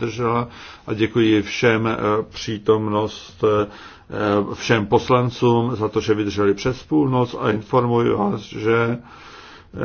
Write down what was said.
vydržela a děkuji všem eh, přítomnost, eh, eh, všem poslancům za to, že vydrželi přes půlnoc a informuji vás, že